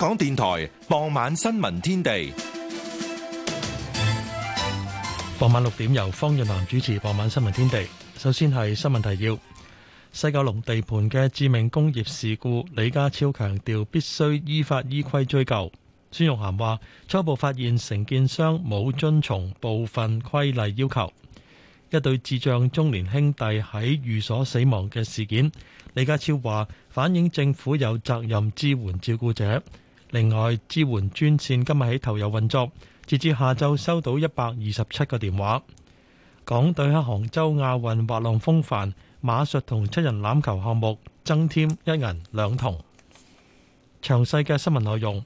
香港電台傍晚新聞天地，傍晚六點由方潤南主持。傍晚新聞天，天地，首先係新聞提要：西九龍地盤嘅致命工業事故，李家超強調必須依法依規追究。孫玉菡話初步發現承建商冇遵從部分規例要求。一對智障中年兄弟喺寓所死亡嘅事件，李家超話反映政府有責任支援照顧者。另外，支援專線今日起投入運作，截至下晝收到一百二十七個電話。港隊喺杭州亞運滑浪風帆、馬術同七人欖球項目增添一銀兩銅。詳細嘅新聞內容，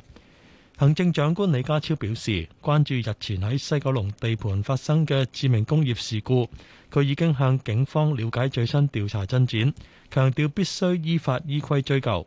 行政長官李家超表示，關注日前喺西九龍地盤發生嘅致命工業事故，佢已經向警方了解最新調查進展，強調必須依法依規追究。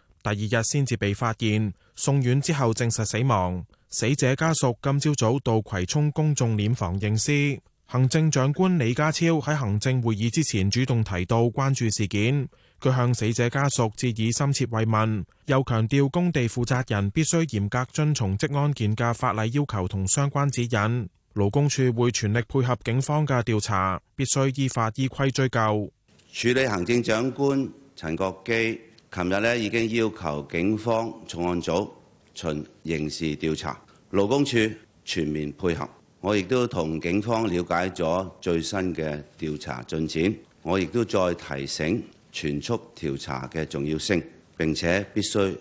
第二日先至被發現，送院之後證實死亡。死者家屬今朝早，早到葵涌公眾殮房認屍。行政長官李家超喺行政會議之前主動提到關注事件，佢向死者家屬致以深切慰問，又強調工地負責人必須嚴格遵從職安健嘅法例要求同相關指引。勞工處會全力配合警方嘅調查，必須依法依規追究。署理行政長官陳國基。琴日呢，已經要求警方重案組循刑事調查，勞工處全面配合。我亦都同警方了解咗最新嘅調查進展。我亦都再提醒全速調查嘅重要性，並且必須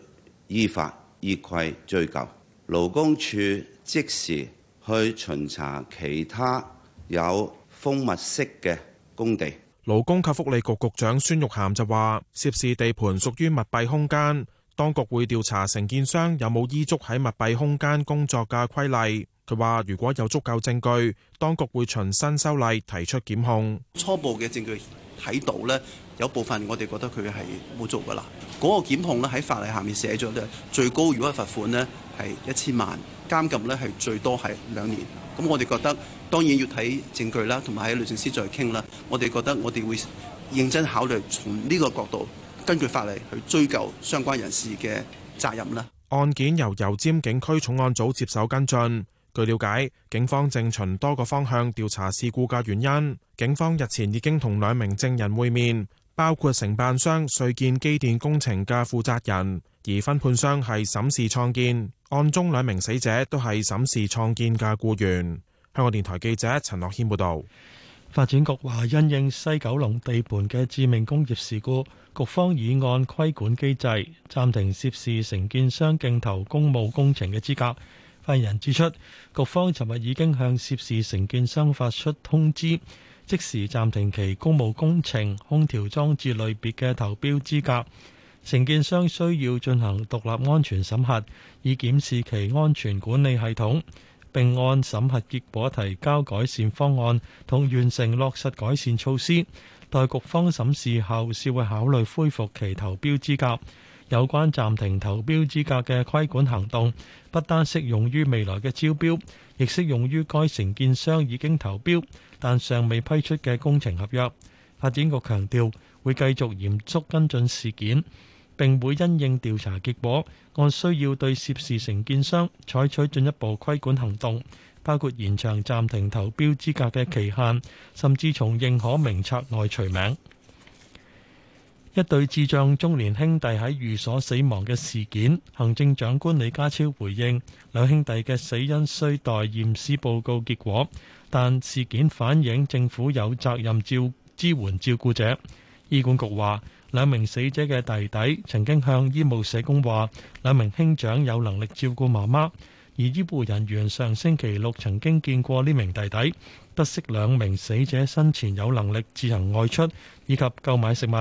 依法依規追究。勞工處即時去巡查其他有封密式嘅工地。勞工及福利局局長孫玉菡就話，涉事地盤屬於密閉空間，當局會調查承建商有冇依足喺密閉空間工作嘅規例。佢話，如果有足夠證據，當局會循新修例提出檢控。初步嘅證據睇到呢，有部分我哋覺得佢係冇足噶啦。嗰個檢控呢，喺法例下面寫咗嘅最高如果係罰款呢，係一千萬，監禁呢係最多係兩年。咁我哋覺得。當然要睇證據啦，同埋喺律政司再傾啦。我哋覺得我哋會認真考慮從呢個角度，根據法例去追究相關人士嘅責任啦。案件由油尖警區重案組接手跟進。據了解，警方正循多個方向調查事故嘅原因。警方日前已經同兩名證人會面，包括承辦商瑞建機電工程嘅負責人，而分判商係沈氏創建。案中兩名死者都係沈氏創建嘅僱員。香港電台記者陳樂謙報道，發展局話，因應西九龍地盤嘅致命工業事故，局方已按規管機制暫停涉事承建商競投公務工程嘅資格。發言人指出，局方尋日已經向涉事承建商發出通知，即時暫停其公務工程空調裝置類別嘅投標資格。承建商需要進行獨立安全審核，以檢視其安全管理系統。並按審核結果提交改善方案同完成落實改善措施，待局方審視後，才會考慮恢復其投標資格。有關暫停投標資格嘅規管行動，不單適用於未來嘅招標，亦適用於該承建商已經投標但尚未批出嘅工程合約。發展局強調，會繼續嚴肅跟進事件。並會因應調查結果，按需要對涉事承建商採取進一步規管行動，包括延長暫停投標資格嘅期限，甚至從認可名冊內除名。一對智障中年兄弟喺寓所死亡嘅事件，行政長官李家超回應：兩兄弟嘅死因需待驗屍報告結果，但事件反映政府有責任照支援照顧者。醫管局話：兩名死者嘅弟弟曾經向醫務社工話，兩名兄長有能力照顧媽媽，而醫護人員上星期六曾經見過呢名弟弟，得悉兩名死者生前有能力自行外出以及購買食物。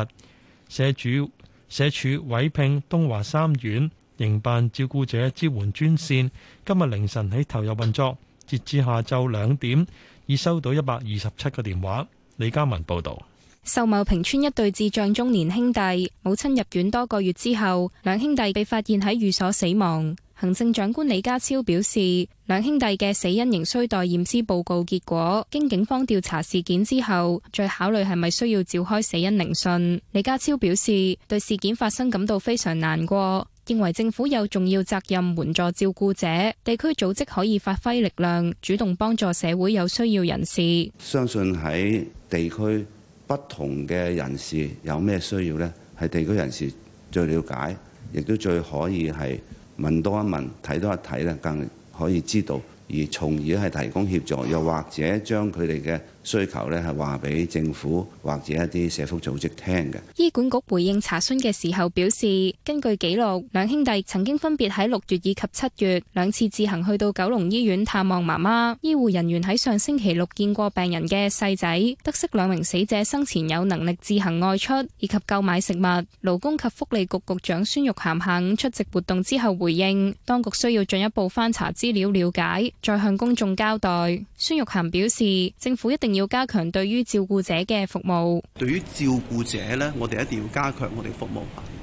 社主社署委聘東華三院營辦照顧者支援專線，今日凌晨起投入運作，截至下晝兩點已收到一百二十七個電話。李嘉文報導。秀茂坪村一對智障中年兄弟，母親入院多個月之後，兩兄弟被發現喺寓所死亡。行政長官李家超表示，兩兄弟嘅死因仍需待驗屍報告結果。經警方調查事件之後，再考慮係咪需要召開死因聆訊。李家超表示，對事件發生感到非常難過，認為政府有重要責任，援助照顧者，地區組織可以發揮力量，主動幫助社會有需要人士。相信喺地區。不同嘅人士有咩需要呢？係地區人士最了解，亦都最可以係問多一問、睇多一睇，更可以知道，而從而係提供協助，又或者將佢哋嘅。需求呢，係話俾政府或者一啲社福組織聽嘅。醫管局回應查詢嘅時候表示，根據記錄，兩兄弟曾經分別喺六月以及七月兩次自行去到九龍醫院探望媽媽。醫護人員喺上星期六見過病人嘅細仔，得悉兩名死者生前有能力自行外出以及購買食物。勞工及福利局局長孫玉菡下午出席活動之後回應，當局需要進一步翻查資料了解，再向公眾交代。孫玉菡表示，政府一定要。要加強對於照顧者嘅服務。對於照顧者呢，我哋一定要加強我哋服務。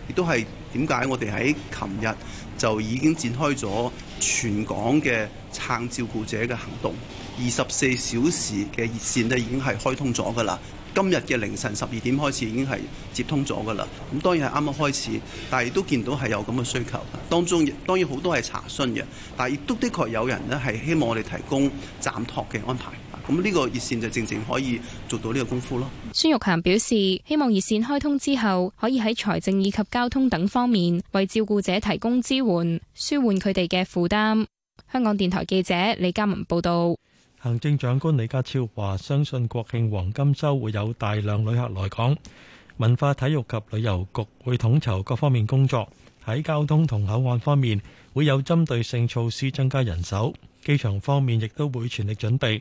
亦都係點解我哋喺琴日就已經展開咗全港嘅撐照顧者嘅行動。二十四小時嘅熱線呢已經係開通咗噶啦。今日嘅凌晨十二點開始已經係接通咗噶啦。咁當然係啱啱開始，但係都見到係有咁嘅需求。當中當然好多係查詢嘅，但係亦都的確有人呢係希望我哋提供暫託嘅安排。咁呢個熱線就正正可以做到呢個功夫咯。孫玉菡表示，希望熱線開通之後，可以喺財政以及交通等方面為照顧者提供支援，舒緩佢哋嘅負擔。香港電台記者李嘉文報道。行政長官李家超話，相信國慶黃金周會有大量旅客來港，文化體育及旅遊局會統籌各方面工作，喺交通同口岸方面會有針對性措施，增加人手。機場方面亦都會全力準備。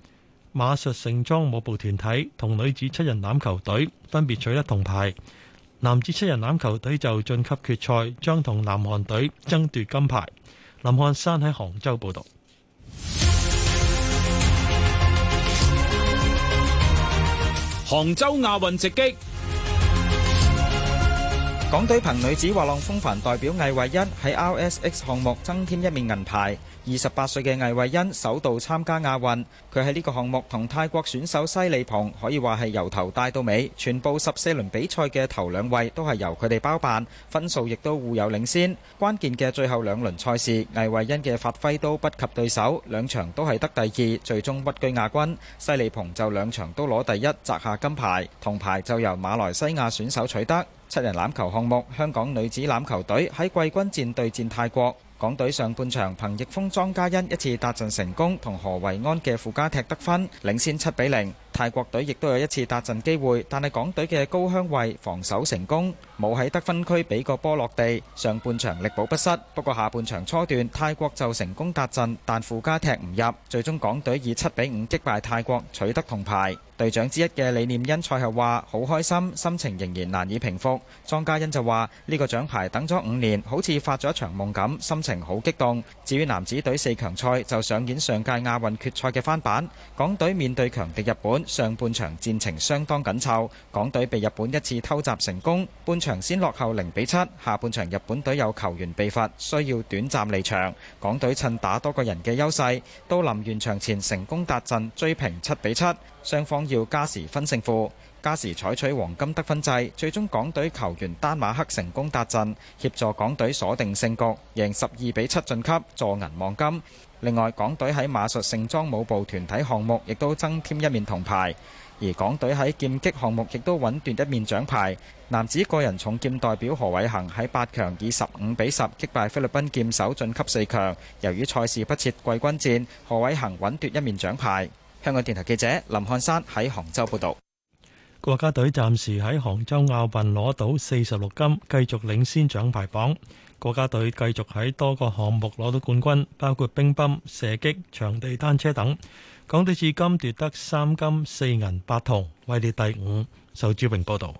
馬術盛裝舞步團體同女子七人欖球隊分別取得銅牌，男子七人欖球隊就晉級決賽，將同南韓隊爭奪金牌。林漢山喺杭州報道。杭州亞運直擊，港隊憑女子滑浪風帆代表魏惠欣喺 R S X 項目增添一面銀牌。二十八歲嘅魏惠恩首度參加亞運，佢喺呢個項目同泰國選手西利蓬可以話係由頭帶到尾，全部十四輪比賽嘅頭兩位都係由佢哋包辦，分數亦都互有領先。關鍵嘅最後兩輪賽事，魏惠恩嘅發揮都不及對手，兩場都係得第二，最終屈居亞軍。西利蓬就兩場都攞第一，摘下金牌。銅牌就由馬來西亞選手取得。七人欖球項目，香港女子欖球隊喺季軍戰對戰泰國。港隊上半場憑易峯、莊家欣一次達陣成功同何惠安嘅附加踢得分，領先七比零。泰國隊亦都有一次達陣機會，但係港隊嘅高香慧防守成功，冇喺得分區俾個波落地。上半場力保不失，不過下半場初段泰國就成功達陣，但附加踢唔入，最終港隊以七比五擊敗泰國，取得銅牌。隊長之一嘅李念恩賽後話：好開心，心情仍然難以平復。莊家欣就話：呢個獎牌等咗五年，好似發咗場夢咁，心情好激動。至於男子隊四強賽就上演上屆亞運決賽嘅翻版，港隊面對強敵日本。上半場戰情相當緊湊，港隊被日本一次偷襲成功，半場先落後零比七。下半場日本隊有球員被罰，需要短暫離場，港隊趁打多個人嘅優勢，都臨完場前成功達陣追平七比七。雙方要加時分勝負，加時採取黃金得分制，最終港隊球員丹馬克成功達陣，協助港隊鎖定勝局，贏十二比七晉級，助銀望金。另外，港隊喺馬術盛裝舞步團體項目亦都增添一面銅牌，而港隊喺劍擊項目亦都穩奪一面獎牌。男子個人重劍代表何偉恒喺八強以十五比十擊敗菲律賓劍手晉級四強，由於賽事不設季軍戰，何偉恒穩奪，奪一面獎牌。香港電台記者林漢山喺杭州報導。國家隊暫時喺杭州亞運攞到四十六金，繼續領先獎牌榜。國家隊繼續喺多個項目攞到冠軍，包括乒乓、射擊、場地單車等。港隊至今奪得三金四銀、四銀、八銅，位列第五。仇志榮報道。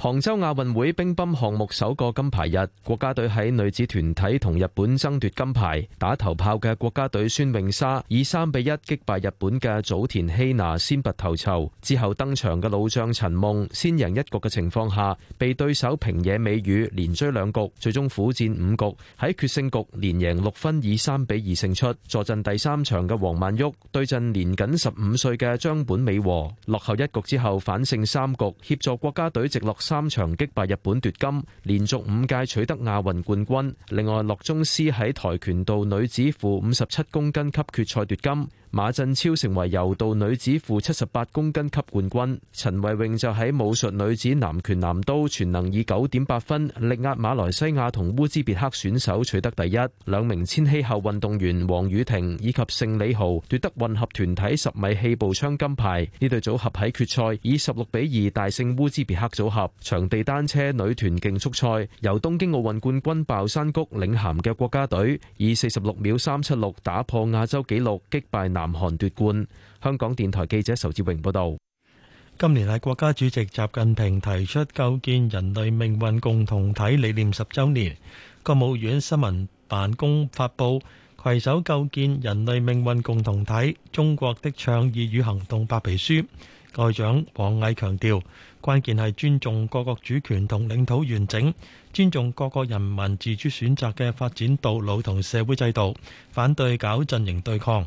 杭州亞運會乒乓項目首個金牌日，國家隊喺女子團體同日本爭奪金牌。打頭炮嘅國家隊孫穎莎以三比一擊敗日本嘅早田希娜，先拔頭籌。之後登場嘅老將陳夢先贏一局嘅情況下，被對手平野美宇連追兩局，最終苦戰五局喺決勝局連贏六分，以三比二勝出。坐鎮第三場嘅王曼昱對陣年僅十五歲嘅張本美和，落後一局之後反勝三局，協助國家隊直落。三場擊敗日本奪金，連續五屆取得亞運冠軍。另外，洛宗斯喺跆拳道女子負五十七公斤級決賽奪金。馬振超成為柔道女子負七十八公斤級冠軍，陳慧穎就喺武術女子南拳南刀全能以九點八分力壓馬來西亞同烏茲別克選手取得第一。兩名千禧後運動員黃雨婷以及盛李豪奪得混合團體十米氣步槍金牌。呢對組合喺決賽以十六比二大勝烏茲別克組合。場地單車女團競速賽由東京奧運冠軍、軍鮑珊菊領銜嘅國家隊以四十六秒三七六打破亞洲紀錄，擊敗南韓奪冠。香港電台記者仇志榮報道，今年係國家主席習近平提出構建人類命運共同體理念十週年。國務院新聞辦公發佈《攜手構建人類命運共同體中國的倡議與行動白皮書》，外長王毅強調，關鍵係尊重各國主權同領土完整，尊重各國人民自主選擇嘅發展道路同社會制度，反對搞陣營對抗。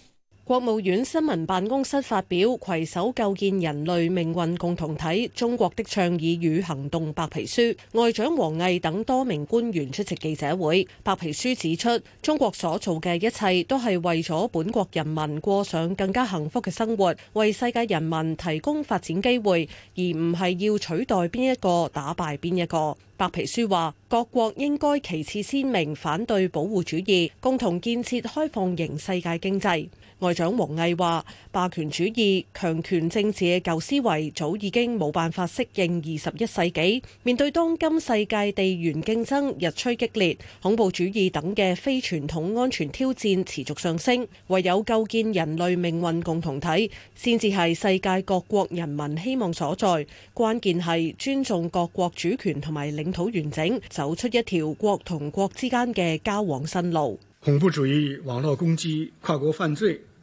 國務院新聞辦公室發表《携手構建人類命運共同體：中國的倡議與行動》白皮書，外長王毅等多名官員出席記者會。白皮書指出，中國所做嘅一切都係為咗本國人民過上更加幸福嘅生活，為世界人民提供發展機會，而唔係要取代邊一個、打敗邊一個。白皮書話，各國應該旗幟鮮明反對保護主義，共同建設開放型世界經濟。外長王毅話：霸權主義、強權政治嘅舊思維早已經冇辦法適應二十一世紀。面對當今世界地緣競爭日趨激烈、恐怖主義等嘅非傳統安全挑戰持續上升，唯有構建人類命運共同體，先至係世界各國人民希望所在。關鍵係尊重各國主權同埋領土完整，走出一條國同國之間嘅交往新路。恐怖主義、網絡攻擊、跨國犯罪。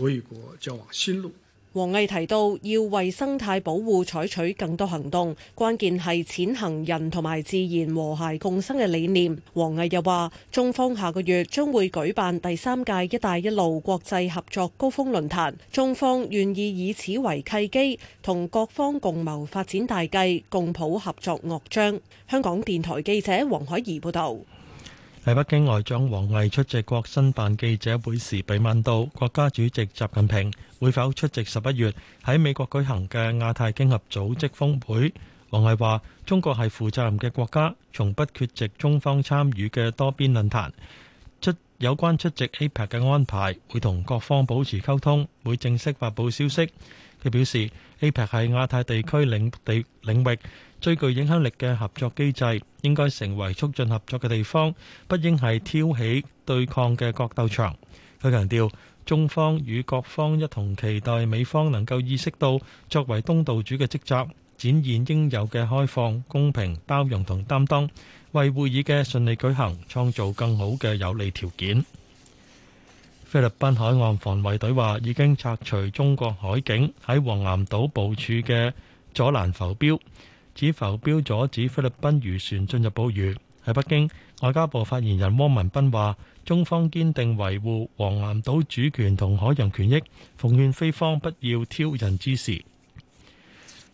我如果就黃路，王毅提到要為生態保護採取更多行動，關鍵係踐行人同埋自然和諧共生嘅理念。王毅又話，中方下個月將會舉辦第三屆「一帶一路」國際合作高峰論壇，中方願意以此為契機，同各方共謀發展大計，共譜合作樂章。香港電台記者黃海怡報道。喺北京，外長王毅出席國新辦記者會時被問到，國家主席習近平會否出席十一月喺美國舉行嘅亞太經合組織峰會？王毅話：中國係負責任嘅國家，從不缺席中方參與嘅多邊論壇。出有關出席 APEC 嘅安排，會同各方保持溝通，會正式發布消息。佢表示，APEC 係亞太地區領地領域最具影響力嘅合作機制，應該成為促進合作嘅地方，不應係挑起對抗嘅角鬥場。佢強調，中方與各方一同期待美方能夠意識到，作為東道主嘅職責，展現應有嘅開放、公平、包容同擔當，為會議嘅順利舉行創造更好嘅有利條件。菲律賓海岸防衛隊話已經拆除中國海警喺黃岩島部署嘅阻攔浮標。指浮標阻止菲律賓漁船進入捕魚。喺北京，外交部發言人汪文斌話：中方堅定維護黃岩島主權同海洋權益，奉勸菲方不要挑釁之事。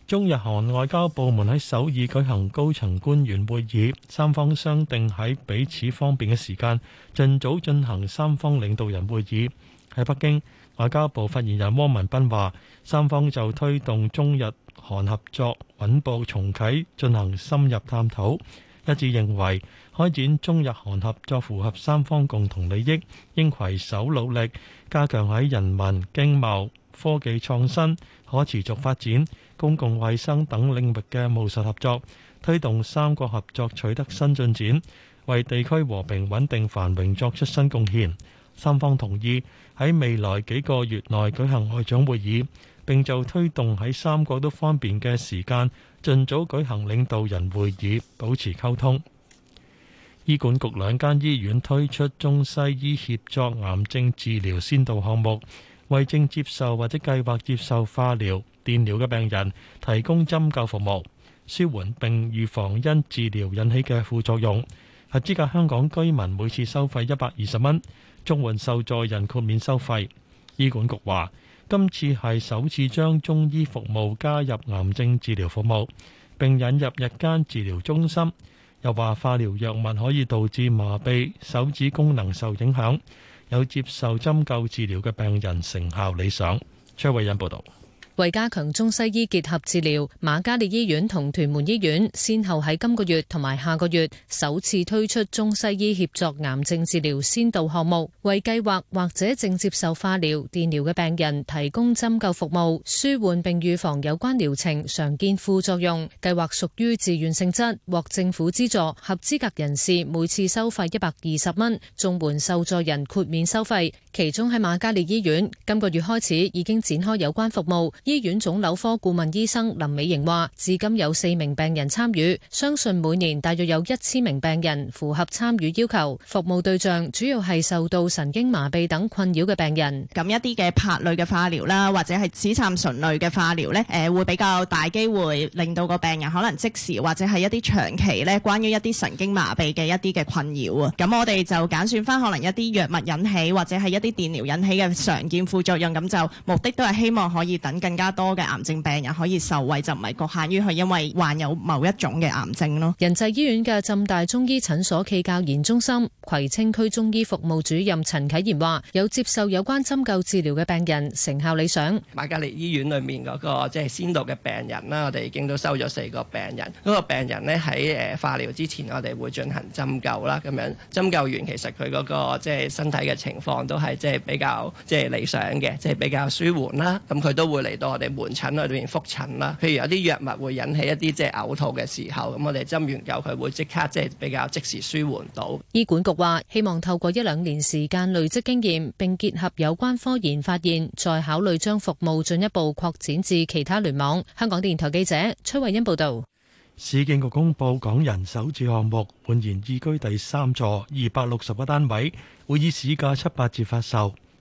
中日韓外交部門喺首爾舉行高層官員會議，三方商定喺彼此方便嘅時間，盡早進行三方領導人會議。喺北京，外交部發言人汪文斌話：三方就推動中日。韓合作穩步重啟，進行深入探討。一致認為開展中日韓合作符合三方共同利益，應攜手努力，加強喺人民經貿、科技創新、可持續發展、公共衛生等領域嘅務實合作，推動三國合作取得新進展，為地區和平穩定繁榮作出新貢獻。三方同意喺未來幾個月內舉行外長會議。並就推動喺三個都方便嘅時間，盡早舉行領導人會議，保持溝通。醫管局兩間醫院推出中西醫協作癌症治療先導項目，為正接受或者計劃接受化療、電療嘅病人提供針灸服務，舒緩並預防因治療引起嘅副作用。合資格香港居民每次收費一百二十蚊，綜援受助人豁免收費。醫管局話，今次係首次將中醫服務加入癌症治療服務，並引入日間治療中心。又話化療藥物可以導致麻痹、手指功能受影響，有接受針灸治療嘅病人成效理想。崔慧欣報道。為加強中西醫結合治療，馬嘉烈醫院同屯門醫院先後喺今個月同埋下個月首次推出中西醫協作癌症治療先導項目，為計劃或者正接受化療、電療嘅病人提供針灸服務，舒緩並預防有關療程常見副作用。計劃屬於自願性質，獲政府資助，合資格人士每次收費一百二十蚊，綜援受助人豁免收費。其中喺馬嘉烈醫院，今個月開始已經展開有關服務。醫院腫瘤科顧問醫生林美瑩話：至今有四名病人參與，相信每年大約有一千名病人符合參與要求。服務對象主要係受到神經麻痹等困擾嘅病人。咁一啲嘅鉑類嘅化療啦，或者係紫杉醇類嘅化療呢，誒、呃、會比較大機會令到個病人可能即時或者係一啲長期呢，關於一啲神經麻痹嘅一啲嘅困擾啊。咁我哋就揀選翻可能一啲藥物引起或者係一啲電療引起嘅常見副作用，咁就目的都係希望可以等更。加多嘅癌症病人可以受惠，就唔係局限於係因為患有某一種嘅癌症咯。仁濟醫院嘅浸大中醫診所暨教研中心葵青區中醫服務主任陳啟賢話，有接受有關針灸治療嘅病人，成效理想。瑪嘉烈醫院裏面嗰個即係先導嘅病人啦，我哋已經都收咗四個病人。嗰個病人咧喺誒化療之前我們，我哋會進行針灸啦，咁樣針灸完，其實佢嗰個即係身體嘅情況都係即係比較即係理想嘅，即係比較舒緩啦。咁佢都會嚟到。我哋門診啊，裏面複診啦，譬如有啲藥物會引起一啲即係嘔吐嘅時候，咁我哋針完灸佢會即刻即係比較即時舒緩到。醫管局話，希望透過一兩年時間累積經驗，並結合有關科研發現，再考慮將服務進一步擴展至其他聯網。香港電台記者崔慧欣報道。市建局公布港人首置項目煥然宜居第三座，二百六十個單位會以市價七八折發售。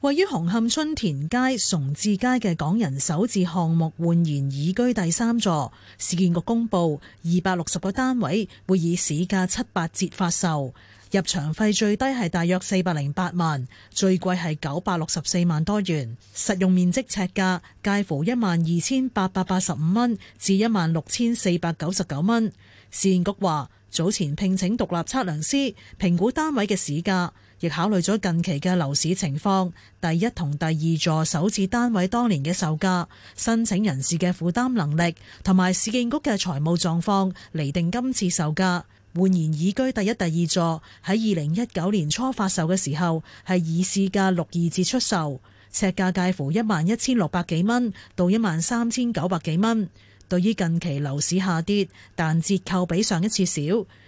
位於紅磡春田街、崇志街嘅港人首置項目煥然懿居第三座，市建局公布二百六十個單位會以市價七八折發售，入場費最低係大約四百零八萬，最貴係九百六十四萬多元，實用面積尺價介乎一萬二千八百八十五蚊至一萬六千四百九十九蚊。市建局話早前聘請獨立測量師評估單位嘅市價。亦考慮咗近期嘅樓市情況，第一同第二座首置單位當年嘅售價、申請人士嘅負擔能力同埋市建局嘅財務狀況嚟定今次售價。煥然懿居第一、第二座喺二零一九年初發售嘅時候係以市價六二折出售，尺價介乎一萬一千六百幾蚊到一萬三千九百幾蚊。對於近期樓市下跌，但折扣比上一次少，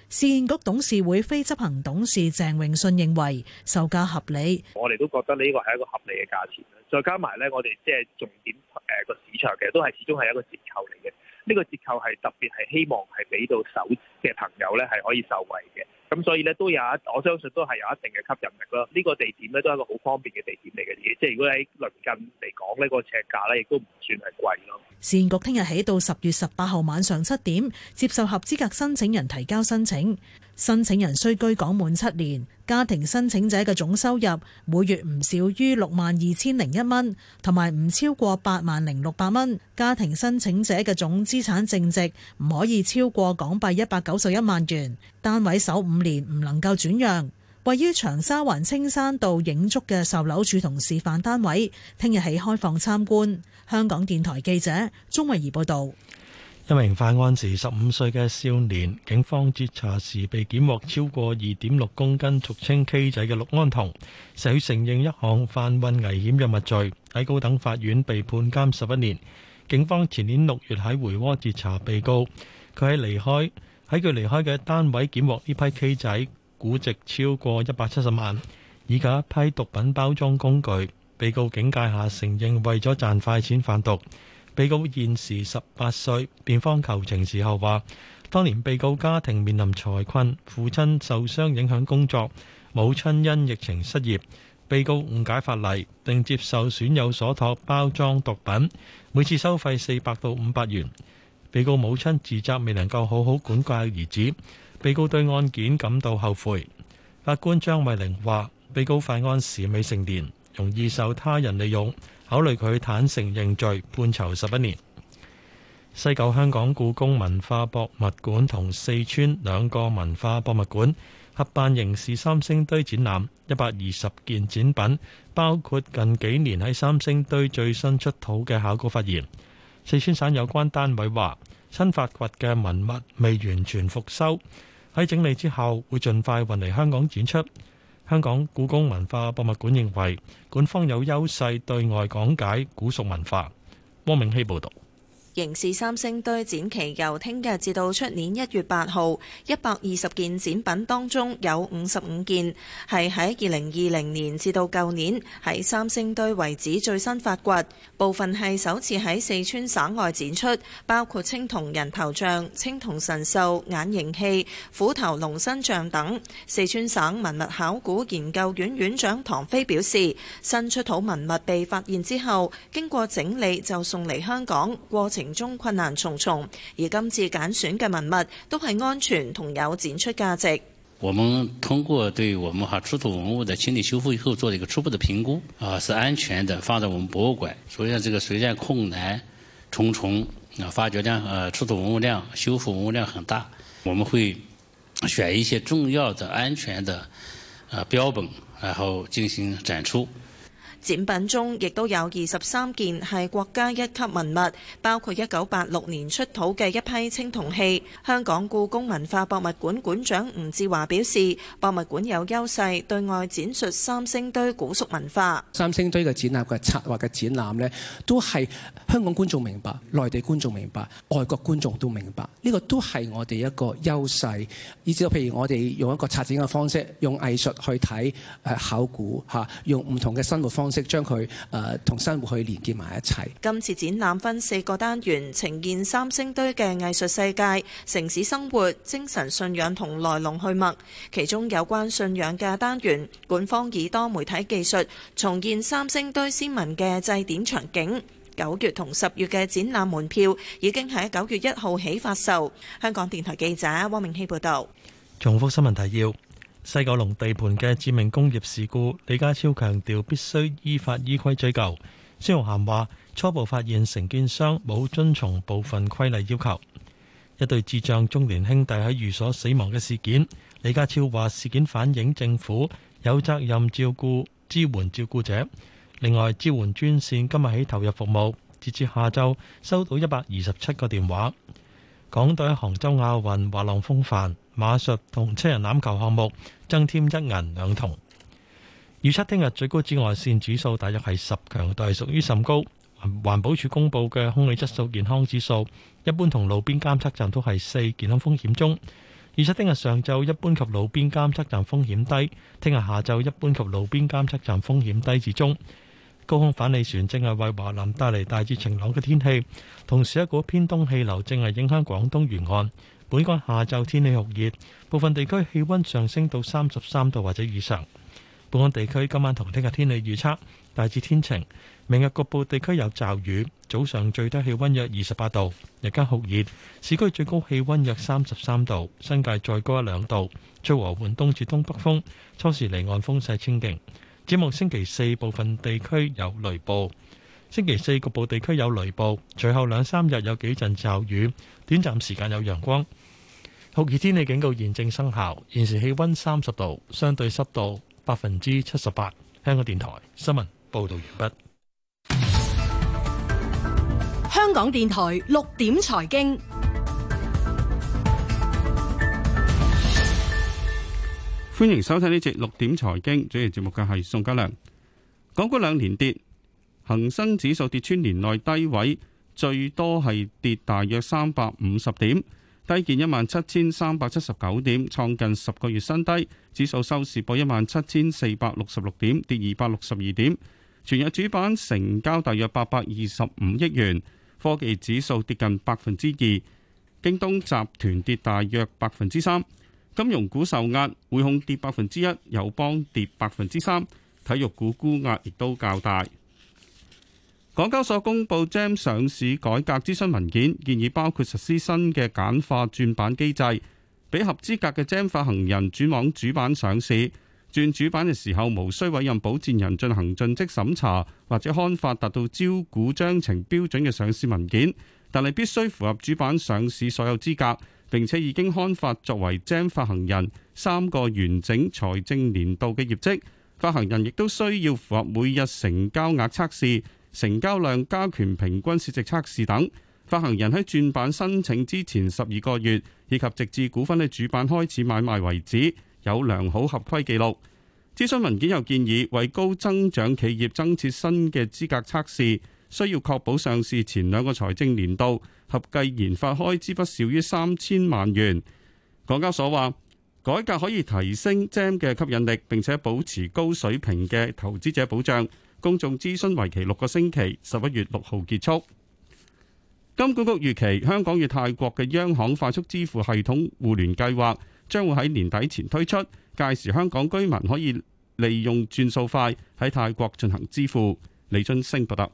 市建局董事會非執行董事鄭榮信認為售價合理，我哋都覺得呢個係一個合理嘅價錢。再加埋呢，我哋即係重點個市場其實都係始終係一個折扣嚟嘅，呢、呢個折扣係特別係希望係俾到手嘅朋友，呢係可以受惠嘅。咁所以咧都有一，我相信都係有一定嘅吸引力咯。呢個地點咧都係一個好方便嘅地點嚟嘅嘢，即係如果你喺鄰近嚟講，呢個尺價咧亦都唔算係貴咯。市建局聽日起到十月十八號晚上七點，接受合資格申請人提交申請。申請人需居港滿七年，家庭申請者嘅總收入每月唔少於六萬二千零一蚊，同埋唔超過八萬零六百蚊。家庭申請者嘅總資產淨值唔可以超過港幣一百九十一萬元。單位首五年唔能夠轉讓。位於長沙灣青山道影竹嘅售樓處同示範單位，聽日起開放參觀。香港電台記者鍾慧儀報道。一名犯案時十五歲嘅少年，警方截查時被檢獲超過二點六公斤俗稱 K 仔嘅氯胺酮，實已承認一項販運危險藥物罪，喺高等法院被判監十一年。警方前年六月喺回窩截查被告，佢喺離開。喺佢離開嘅單位，檢獲呢批 K 仔，估值超過一百七十萬，以及一批毒品包裝工具。被告警戒下承認為咗賺快錢販毒。被告現時十八歲，辯方求情時候話：當年被告家庭面臨財困，父親受傷影響工作，母親因疫情失業。被告誤解法例，並接受損友所託包裝毒品，每次收費四百到五百元。被告母親自責未能夠好好管教兒子，被告對案件感到後悔。法官張慧玲話：被告犯案時未成年，容易受他人利用，考慮佢坦承認罪，判囚十一年。西九香港故宮文化博物館同四川兩個文化博物館合辦《凝視三星堆》展覽，一百二十件展品，包括近幾年喺三星堆最新出土嘅考古發現。四川省有關單位話，新發掘嘅文物未完全復修，喺整理之後會盡快運嚟香港展出。香港故宮文化博物館認為，館方有優勢對外講解古蜀文化。汪明熙報道。凝視三星堆展期由聽日至到出年一月八號，一百二十件展品當中有五十五件係喺二零二零年至到舊年喺三星堆遺址最新發掘，部分係首次喺四川省外展出，包括青銅人頭像、青銅神獸眼形器、虎頭龍身像等。四川省文物考古研究院院長唐飛表示，新出土文物被發現之後經過整理就送嚟香港，過程。中困難重重，而今次揀選嘅文物都係安全同有展出價值。我們通過對我們哈出土文物的清理修復以後，做了一個初步的評估，啊，是安全的，放在我們博物館。所以呢，這個雖然困難重重，啊，發掘量、呃，出土文物量、修復文物量很大，我們會選一些重要的、安全的啊標本，然後進行展出。展品中亦都有二十三件係國家一級文物，包括一九八六年出土嘅一批青銅器。香港故宮文化博物館館長吳志華表示，博物館有優勢對外展述三星堆古蜀文化。三星堆嘅展覽嘅策劃嘅展覽咧，都係香港觀眾明白，內地觀眾明白，外國觀眾都明白，呢、這個都係我哋一個優勢。以至譬如我哋用一個策展嘅方式，用藝術去睇誒考古吓，用唔同嘅生活方式。將佢誒同生活去連結埋一齊。今次展覽分四個單元，呈現三星堆嘅藝術世界、城市生活、精神信仰同來龍去脈。其中有關信仰嘅單元，館方以多媒體技術重建三星堆先民嘅祭典場景。九月同十月嘅展覽門票已經喺九月一號起發售。香港電台記者汪明熙報導。重複新聞提要。西九龍地盤嘅致命工業事故，李家超強調必須依法依規追究。孫玉菡話，初步發現承建商冇遵從部分規例要求。一對智障中年兄弟喺寓所死亡嘅事件，李家超話事件反映政府有責任照顧支援照顧者。另外支援專線今日起投入服務，截至下晝收到一百二十七個電話。港隊杭州亞運滑浪風帆、馬術同七人欖球項目增添一銀兩銅。預測聽日最高紫外線指數大約係十強，但係屬於甚高。環保署公布嘅空氣質素健康指數，一般同路邊監測站都係四，健康風險中。預測聽日上晝一般及路邊監測站風險低，聽日下晝一般及路邊監測站風險低至中。高空反氣旋正係為華南帶嚟大致晴朗嘅天氣，同時一股偏東氣流正係影響廣東沿岸。本港下晝天氣酷熱，部分地區氣溫上升到三十三度或者以上。本港地區今晚同聽日天氣預測大致天晴，明日局部地區有驟雨。早上最低氣溫約二十八度，日間酷熱，市區最高氣溫約三十三度，新界再高一兩度。吹和緩東至東北風，初時離岸風勢清勁。節目星期四部分地區有雷暴，星期四局部地區有雷暴，隨後兩三日有幾陣驟雨，短暫時間有陽光。酷熱天氣警告現正生效，現時氣溫三十度，相對濕度百分之七十八。香港電台新聞報道完畢。香港電台六點財經。歡迎收睇呢節六點財經，主持節目嘅係宋家良。港股兩年跌，恒生指數跌穿年內低位，最多係跌大約三百五十點，低見一萬七千三百七十九點，創近十個月新低。指數收市報一萬七千四百六十六點，跌二百六十二點。全日主板成交大約八百二十五億元，科技指數跌近百分之二，京東集團跌大約百分之三。金融股受壓，滙控跌百分之一，友邦跌百分之三，體育股沽壓亦都較大。港交所公布 GEM 上市改革諮詢文件，建議包括實施新嘅簡化轉板機製，俾合資格嘅 GEM 發行人轉往主板上市。轉主板嘅時候，無需委任保薦人進行盡職審查或者刊發達到招股章程標準嘅上市文件，但係必須符合主板上市所有資格。並且已經刊發作為 GEM 發行人三個完整財政年度嘅業績，發行人亦都需要符合每日成交額測試、成交量加權平均市值測試等。發行人喺轉板申請之前十二個月以及直至股份喺主板開始買賣為止，有良好合規記錄。諮詢文件又建議為高增長企業增設新嘅資格測試。需要確保上市前兩個財政年度合計研發開支不少於三千萬元。港交所話改革可以提升 GEM 嘅吸引力，並且保持高水平嘅投資者保障。公眾諮詢為期六個星期，十一月六號結束。金管局預期香港與泰國嘅央行快速支付系統互聯計劃將會喺年底前推出，屆時香港居民可以利用轉數快喺泰國進行支付。李俊升報道。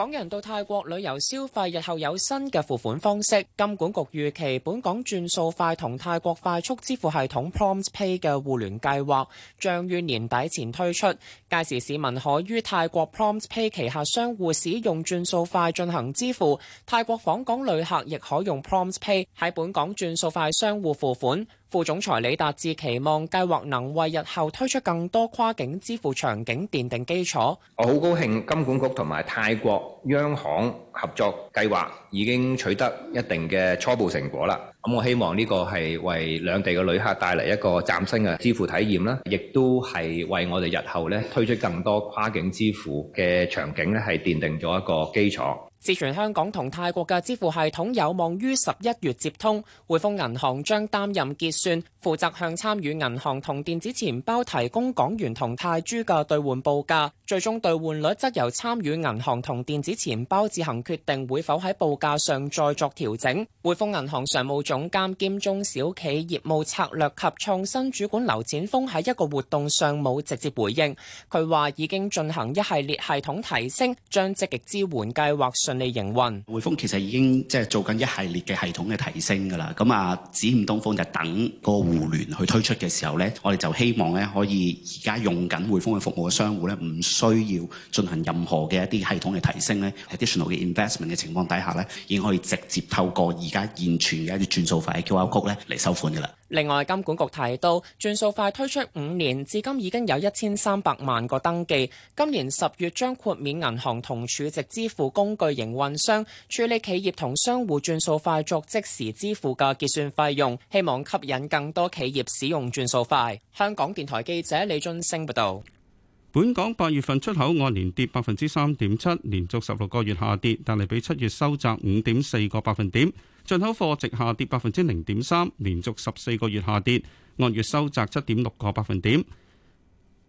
港人到泰國旅遊消費，日後有新嘅付款方式。金管局預期本港轉數快同泰國快速支付系統 Prompt Pay 嘅互聯計劃將於年底前推出，屆時市民可於泰國 Prompt Pay 旗下商戶使用轉數快進行支付，泰國訪港旅客亦可用 Prompt Pay 喺本港轉數快商戶付款。副總裁李達志期望計劃能為日後推出更多跨境支付場景奠定基礎。我好高興金管局同埋泰國央行合作計劃已經取得一定嘅初步成果啦。咁我希望呢個係為兩地嘅旅客帶嚟一個嶄新嘅支付體驗啦，亦都係為我哋日後咧推出更多跨境支付嘅場景咧，係奠定咗一個基礎。自全香港同泰國嘅支付系統有望於十一月接通，匯豐銀行將擔任結算，負責向參與銀行同電子錢包提供港元同泰銖嘅兌換報價，最終兌換率則由參與銀行同電子錢包自行決定會否喺報價上再作調整。匯豐銀行常務總監兼中小企業務策略及創新主管劉展峰喺一個活動上冇直接回應，佢話已經進行一系列系統提升，將積極支援計劃順利營運，匯豐其實已經即係做緊一系列嘅系統嘅提升噶啦。咁啊，只欠東風就等個互聯去推出嘅時候咧，我哋就希望咧可以而家用緊匯豐嘅服務嘅商戶咧，唔需要進行任何嘅一啲系統嘅提升咧，additional 嘅 investment 嘅情況底下咧，已經可以直接透過而家現存嘅一啲轉數費喺 QR code 咧嚟收款噶啦。另外，金管局提到，轉數快推出五年，至今已經有一千三百萬個登記。今年十月將豁免銀行同儲值支付工具營運商處理企業同商戶轉數快作即時支付嘅結算費用，希望吸引更多企業使用轉數快。香港電台記者李津升報道：「本港八月份出口按年跌百分之三點七，連續十六個月下跌，但係比七月收窄五點四個百分點。進口貨值下跌百分之零點三，連續十四個月下跌，按月收窄七點六個百分點。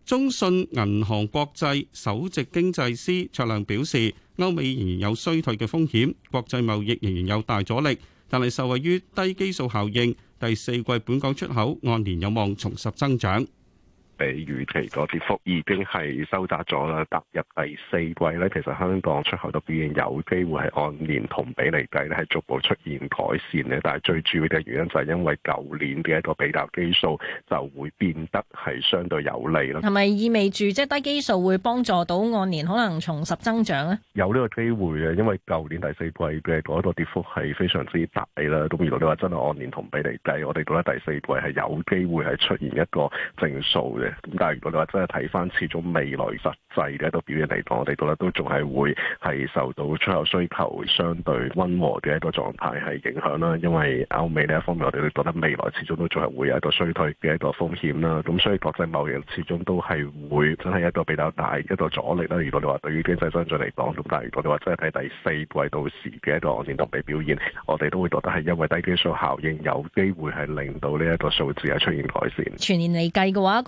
中信銀行國際首席經濟師卓亮表示，歐美仍然有衰退嘅風險，國際貿易仍然有大阻力，但係受惠於低基數效應，第四季本港出口按年有望重拾增長。係預期個跌幅已經係收窄咗啦，踏入第四季咧，其實香港出口都已經有機會係按年同比嚟計咧，係逐步出現改善嘅。但係最主要嘅原因就係因為舊年嘅一個比較基數就會變得係相對有利咯。係咪意味住即係低基數會幫助到按年可能重拾增長咧？有呢個機會啊，因為舊年第四季嘅嗰個跌幅係非常之大啦。咁如果你話真係按年同比嚟計，我哋覺得第四季係有機會係出現一個正數嘅。咁但係如果你話真係睇翻，始終未來實際嘅一個表現嚟講，我哋覺得都仲係會係受到出口需求相對溫和嘅一個狀態係影響啦。因為歐美呢一方面，我哋都覺得未來始終都仲係會有一個衰退嘅一個風險啦。咁所以國際貿易始終都係會真係一個比較大一個阻力啦。如果你話對於經濟增長嚟講，咁但係如果你話真係睇第四季度時嘅一個按年同比表現，我哋都會覺得係因為低基數效應，有機會係令到呢一個數字係出現改善。全年嚟計嘅話，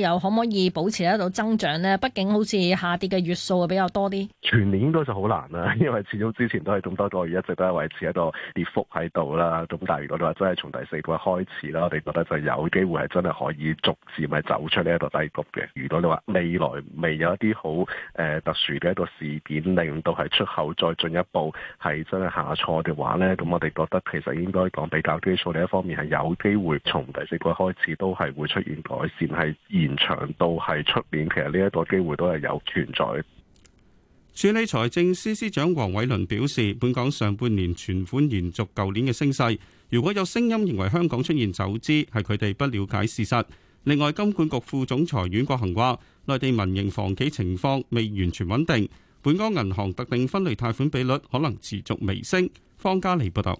又可唔可以保持喺度增長呢？畢竟好似下跌嘅月數啊比較多啲，全年應該就好難啦，因為始終之前都係咁多個月一直都係維持一個跌幅喺度啦。咁但係如果你話真係從第四季開始啦，我哋覺得就係有機會係真係可以逐漸係走出呢一個低谷嘅。如果你話未來未有一啲好誒特殊嘅一個事件，令到係出口再進一步係真係下挫嘅話呢，咁我哋覺得其實應該講比較基礎嘅一方面係有機會從第四季開始都係會出現改善係。延長到係出面，其實呢一個機會都係有存在。署理財政司司長黃偉綸表示，本港上半年存款延續舊年嘅升勢。如果有聲音認為香港出現走資，係佢哋不了解事實。另外，金管局副總裁阮國恒話，內地民營房企情況未完全穩定，本港銀行特定分類貸款比率可能持續微升。方家莉報導。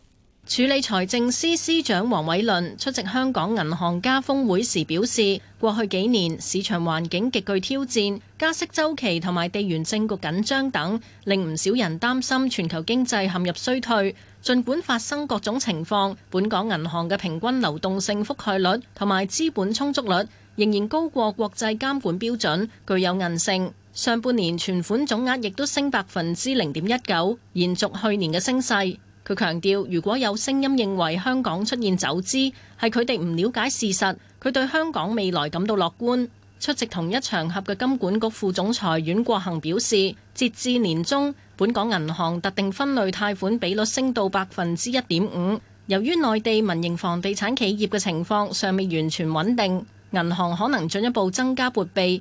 署理財政司司長黃偉綸出席香港銀行家峰會時表示，過去幾年市場環境極具挑戰，加息周期同埋地緣政局緊張等，令唔少人擔心全球經濟陷入衰退。盡管發生各種情況，本港銀行嘅平均流動性覆蓋率同埋資本充足率仍然高過國際監管標準，具有韌性。上半年存款總額亦都升百分之零點一九，延續去年嘅升勢。佢強調，如果有聲音認為香港出現走資，係佢哋唔了解事實，佢對香港未來感到樂觀。出席同一場合嘅金管局副總裁阮國恒表示，截至年中，本港銀行特定分類貸款比率升到百分之一點五。由於內地民營房地產企業嘅情況尚未完全穩定，銀行可能進一步增加撥備。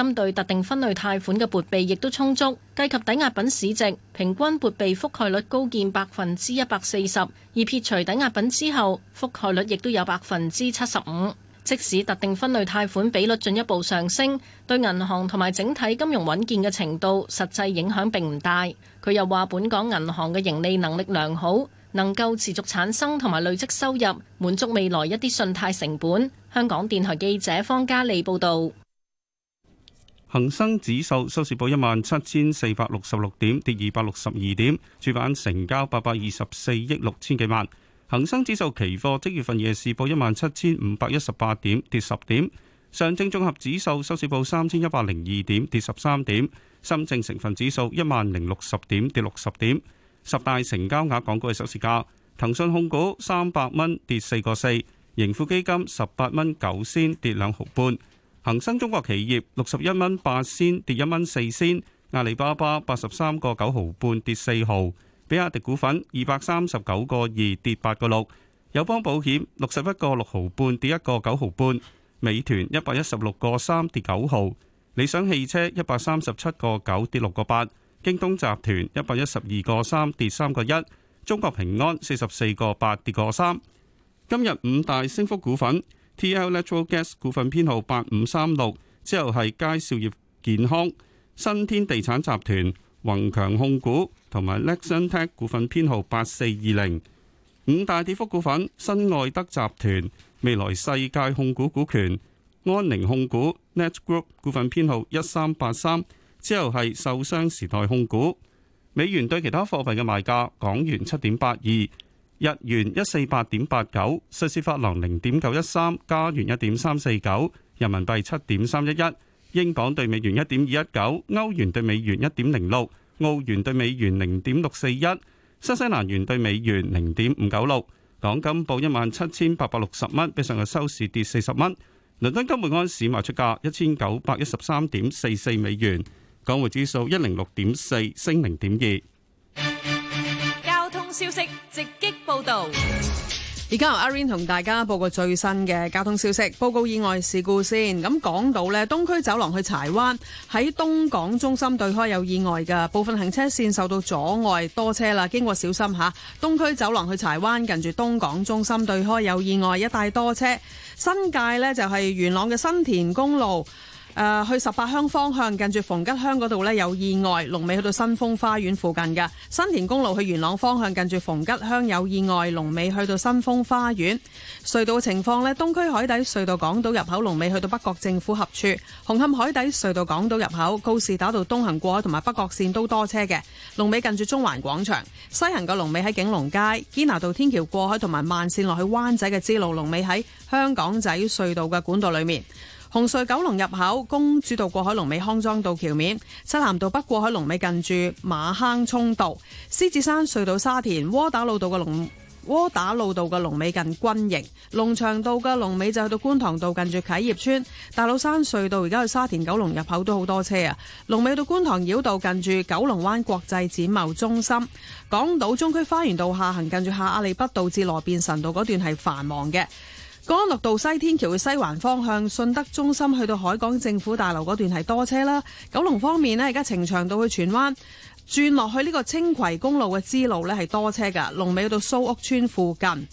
針對特定分類貸款嘅撥備亦都充足，計及抵押品市值，平均撥備覆蓋率高見百分之一百四十，而撇除抵押品之後，覆蓋率亦都有百分之七十五。即使特定分類貸款比率進一步上升，對銀行同埋整體金融穩健嘅程度實際影響並唔大。佢又話：本港銀行嘅盈利能力良好，能夠持續產生同埋累積收入，滿足未來一啲信貸成本。香港電台記者方嘉利報導。恒生指數收市報一萬七千四百六十六點，跌二百六十二點。主板成交八百二十四億六千幾萬。恒生指數期貨即月份夜市報一萬七千五百一十八點，跌十點。上證綜合指數收市報三千一百零二點，跌十三點。深證成分指數一萬零六十點，跌六十點。十大成交額港股嘅收市價：騰訊控股三百蚊，跌四個四；盈富基金十八蚊九仙，跌兩毫半。恒生中國企業六十一蚊八仙，跌一蚊四仙，阿里巴巴八十三個九毫半，跌四毫，比亞迪股份二百三十九個二跌八個六，友邦保險六十一個六毫半跌一個九毫半，美團一百一十六個三跌九毫，理想汽車一百三十七個九跌六個八，京東集團一百一十二個三跌三個一，中國平安四十四個八跌個三。今日五大升幅股份。T.L. Natural Gas 股份編號八五三六。之後係佳兆業健康、新天地產集團、宏強控股同埋 Nexion Tech 股份編號八四二零。五大跌幅股份：新愛德集團、未來世界控股股權、安寧控股、Net Group 股份編號一三八三，之後係壽商時代控股。美元對其他貨幣嘅賣價：港元七點八二。日元一四八點八九，瑞士法郎零點九一三，加元一點三四九，人民幣七點三一一，英鎊兌美元一點二一九，歐元兌美元一點零六，澳元兌美元零點六四一，新西蘭元兌美元零點五九六。港金報一萬七千八百六十蚊，比上日收市跌四十蚊。倫敦金每盎司賣出價一千九百一十三點四四美元，港匯指數一零六點四升零點二。交通消息。直擊報道，而家由阿 Rain 同大家報個最新嘅交通消息，報告意外事故先。咁講到呢，東區走廊去柴灣，喺東港中心對開有意外嘅，部分行車線受到阻礙，多車啦。經過小心吓。東區走廊去柴灣，近住東港中心對開有意外，一帶多車。新界呢就係元朗嘅新田公路，誒去十八鄉方向，近住逢吉鄉嗰度呢有意外，龍尾去到新豐花園附近嘅。新田公路去元朗方向，近住逢吉鄉有意外，龍尾去到新豐花園。隧道情況呢，東區海底隧道港島入口，龍尾去到北角政府合處，紅磡海底隧道港島入口，告士打道東行過海同埋北角線都多車嘅，龍尾近住中環廣場西行嘅龍尾喺景龍街堅拿道天橋過海同埋慢線落去灣仔嘅支路，龍尾喺香港仔隧道嘅管道裏面。紅隧九龍入口、公主道過海龍尾康莊道橋面、西環道北過海龍尾近住馬坑涌道、獅子山隧道沙田窩打老道嘅龍窩打老道嘅龍尾近軍營、龍翔道嘅龍尾就去到觀塘道近住啟業村、大老山隧道而家去沙田九龍入口都好多車啊！龍尾到觀塘繞道近住九龍灣國際展貿中心、港島中區花園道下行近住下亞厘畢道至羅便臣道嗰段係繁忙嘅。江六道西天橋嘅西環方向，信德中心去到海港政府大樓嗰段係多車啦。九龍方面呢，而家呈祥道去荃灣，轉落去呢個青葵公路嘅支路呢，係多車噶，龍尾去到蘇屋村附近。誒、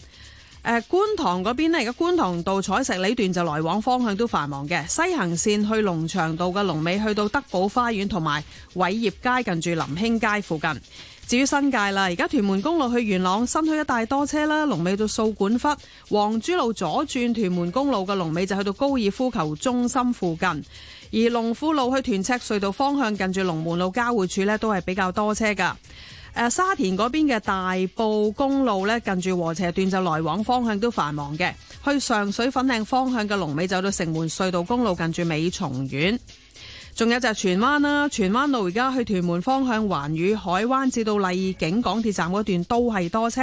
呃，觀塘嗰邊呢，而家觀塘道彩石里段就來往方向都繁忙嘅，西行線去龍翔道嘅龍尾去到德寶花園同埋偉業街近住林興街附近。至於新界啦，而家屯門公路，去元朗新墟一帶多車啦，龍尾到掃管笏；黃珠路左轉屯門公路嘅龍尾就去到高爾夫球中心附近，而龍富路去屯赤隧道方向近住龍門路交匯處呢都係比較多車噶。沙田嗰邊嘅大埔公路呢，近住禾輋段就來往方向都繁忙嘅，去上水粉嶺方向嘅龍尾就到城門隧道公路近住美松苑。仲有就荃灣啦，荃灣路而家去屯門方向環宇海灣至到荔景港鐵站嗰段都係多車。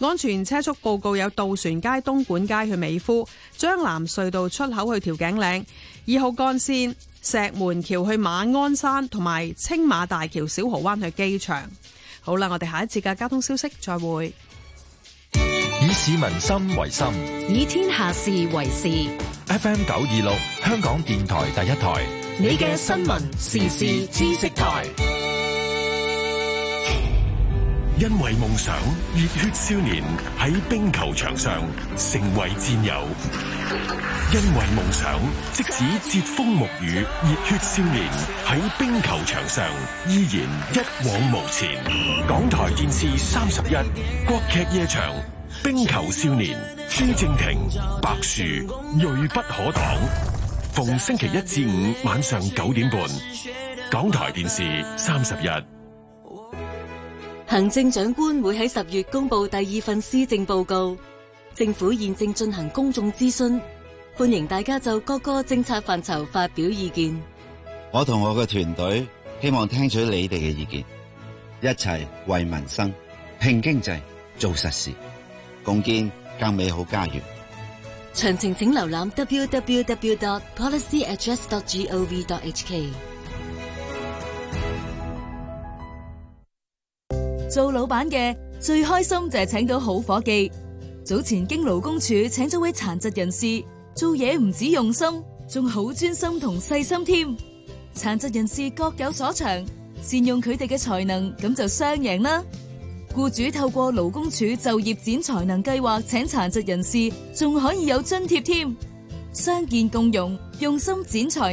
安全車速報告有渡船街、東莞街去美孚、將南隧道出口去調景嶺、二號幹線石門橋去馬鞍山同埋青馬大橋小蠔灣去機場。好啦，我哋下一節嘅交通消息再會。以市民心為心，以天下事為事。FM 九二六，香港電台第一台。你嘅新聞時事知識台，因為夢想，熱血少年喺冰球場上成為戰友；因為夢想，即使櫛風沐雨，熱血少年喺冰球場上依然一往無前。港台電視三十一，國劇夜場，冰球少年朱正廷、白樹銳不可擋。逢星期一至五晚上九點半，港台電視三十日。行政長官會喺十月公布第二份施政報告，政府現正進行公衆諮詢，歡迎大家就各個政策範疇發表意見。我同我嘅團隊希望聽取你哋嘅意見，一齊爲民生、拼經濟、做實事，共建更美好家園。詳情請瀏覽 www.policyaddress.gov.hk。做老闆嘅最開心就係請到好伙計。早前經勞工處請咗位殘疾人士做嘢，唔止用心，仲好專心同細心添。殘疾人士各有所長，善用佢哋嘅才能，咁就雙贏啦。僱主透過勞工處就業展才能計劃請殘疾人士，仲可以有津貼添。相見共融，用心展才。